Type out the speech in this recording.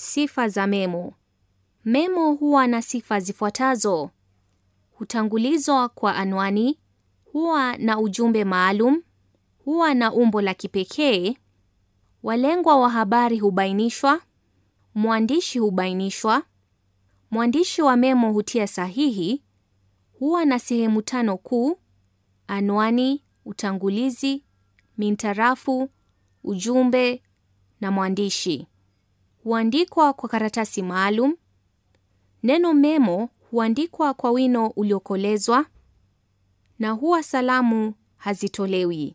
Sifa za memo. Memo huwa na sifa zifuatazo: hutangulizwa kwa anwani, huwa na ujumbe maalum, huwa na umbo la kipekee, walengwa wa habari hubainishwa, mwandishi hubainishwa, mwandishi wa memo hutia sahihi, huwa na sehemu tano kuu: anwani, utangulizi, mintarafu, ujumbe na mwandishi huandikwa kwa karatasi maalum. Neno memo huandikwa kwa wino uliokolezwa na huwa salamu hazitolewi.